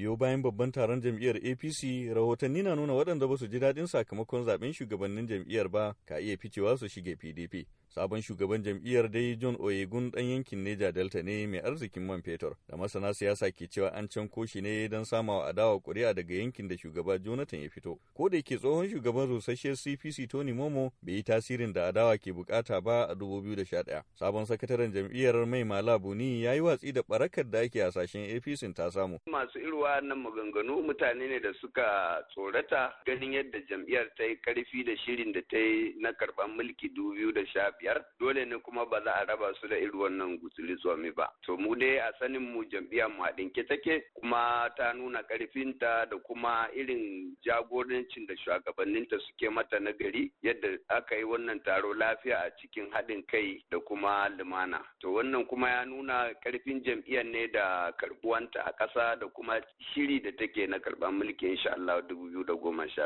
biyo bayan babban taron jam'iyyar apc rahotanni na nuna waɗanda ba su ji daɗin sakamakon zaben shugabannin jam'iyyar ba ka iya ficewa su shige pdp Sabon shugaban jam'iyyar dai John Oyegun dan yankin Neja Delta ne mai arzikin man fetur, da masana siyasa ke cewa an can koshi ne don samawa adawa kuri'a daga yankin da shugaba Jonathan ya fito. Ko da yake tsohon shugaban rusasshiyar CPC Tony Momo bai yi tasirin da adawa ke bukata ba a 2011. Sabon sakataren jam'iyyar Mai Mala Buni ya yi watsi da barakar da ake hasashen APC ta samu. Masu irwa na maganganu mutane ne da suka tsorata ganin yadda jam'iyyar ta yi karfi da shirin da ta yi na karban mulki da sha biyar dole ne kuma ba za a raba su da irin wannan gutsuri tsomi ba to mu dai a sanin mu jam'iyyar mu haɗinke take kuma ta nuna ƙarfinta da kuma irin jagorancin da shugabanninta suke mata na gari yadda aka yi wannan taro lafiya a cikin haɗin kai da kuma lumana to wannan kuma ya nuna ƙarfin jam'iyyar ne da karbuwanta a ƙasa da kuma shiri da take na karɓar mulki insha Allah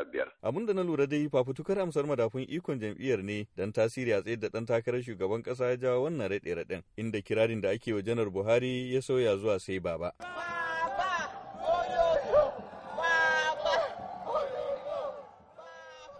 biyar. abinda na lura dai fafutukar amsar madafun ikon jam'iyyar ne dan tasiri a tsaye da ɗan ɗan takarar shugaban ƙasa ya jawo wannan raɗe-raɗen inda kirarin da ake wa janar Buhari ya sauya zuwa sai baba.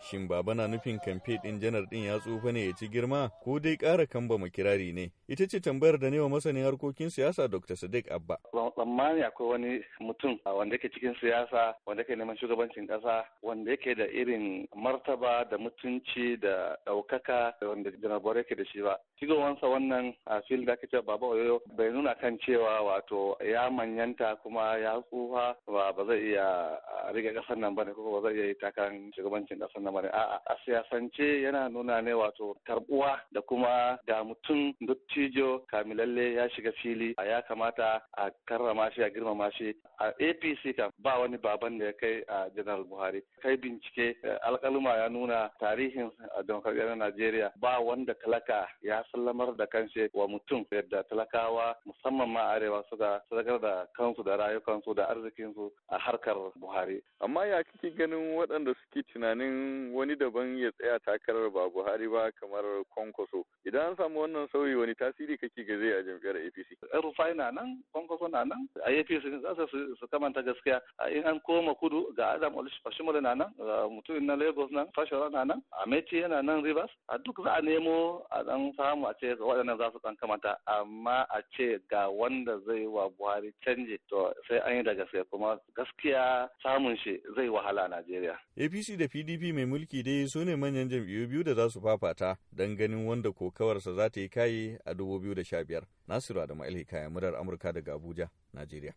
shin baba na nufin kamfe ɗin janar ɗin ya tsufa ne ya ci girma ko dai ƙara kamba kirari ne ita ce tambayar da wa masanin harkokin siyasa dr sadiq abba tsammani akwai wani mutum wanda yake cikin siyasa wanda yake neman shugabancin ƙasa wanda yake da irin martaba da mutunci da ɗaukaka wanda janar bore yake da shi ba shigowansa wannan a fil da ake cewa baba oyo bai nuna kan cewa wato ya manyanta kuma ya tsufa ba zai iya rike ƙasar nan ba ne kuma ba zai iya yi takarar shugabancin ƙasar nan al'amarin a'a a siyasance yana nuna ne wato karbuwa da kuma da mutum dottijo kamilalle ya shiga fili a ya kamata a karrama shi a girmama shi a apc kam ba wani baban da ya kai a general buhari kai bincike eh, alkaluma ya nuna tarihin demokradiyyar najeriya ba wanda talaka ya sallamar da kanshi wa mutum yadda talakawa musamman ma arewa suka sadakar da kansu da rayukansu da arzikinsu a harkar buhari amma ya kike ganin waɗanda suke tunanin wani daban ya tsaya takarar ba Buhari ba kamar Kwankwaso. Idan an samu wannan sauyi wani tasiri kake ga zai rufai na nan kwankwaso na nan a apc za su kamanta gaskiya in an koma kudu ga adam oshimole na nan mutumin na lagos nan fashora na nan a ameti yana nan rivers a duk za a nemo a dan samu a ce ga waɗannan za su dan kamanta amma a ce ga wanda zai wa buhari canji to sai an yi da gaskiya kuma gaskiya samun shi zai wahala a najeriya apc da pdp mai mulki dai su ne manyan jam'iyyu biyu da za su fafata don ganin wanda kokawarsa za ta yi kaye a da biyar. Nasiru Adamu Alhikaya murar Amurka daga Abuja, Najeriya.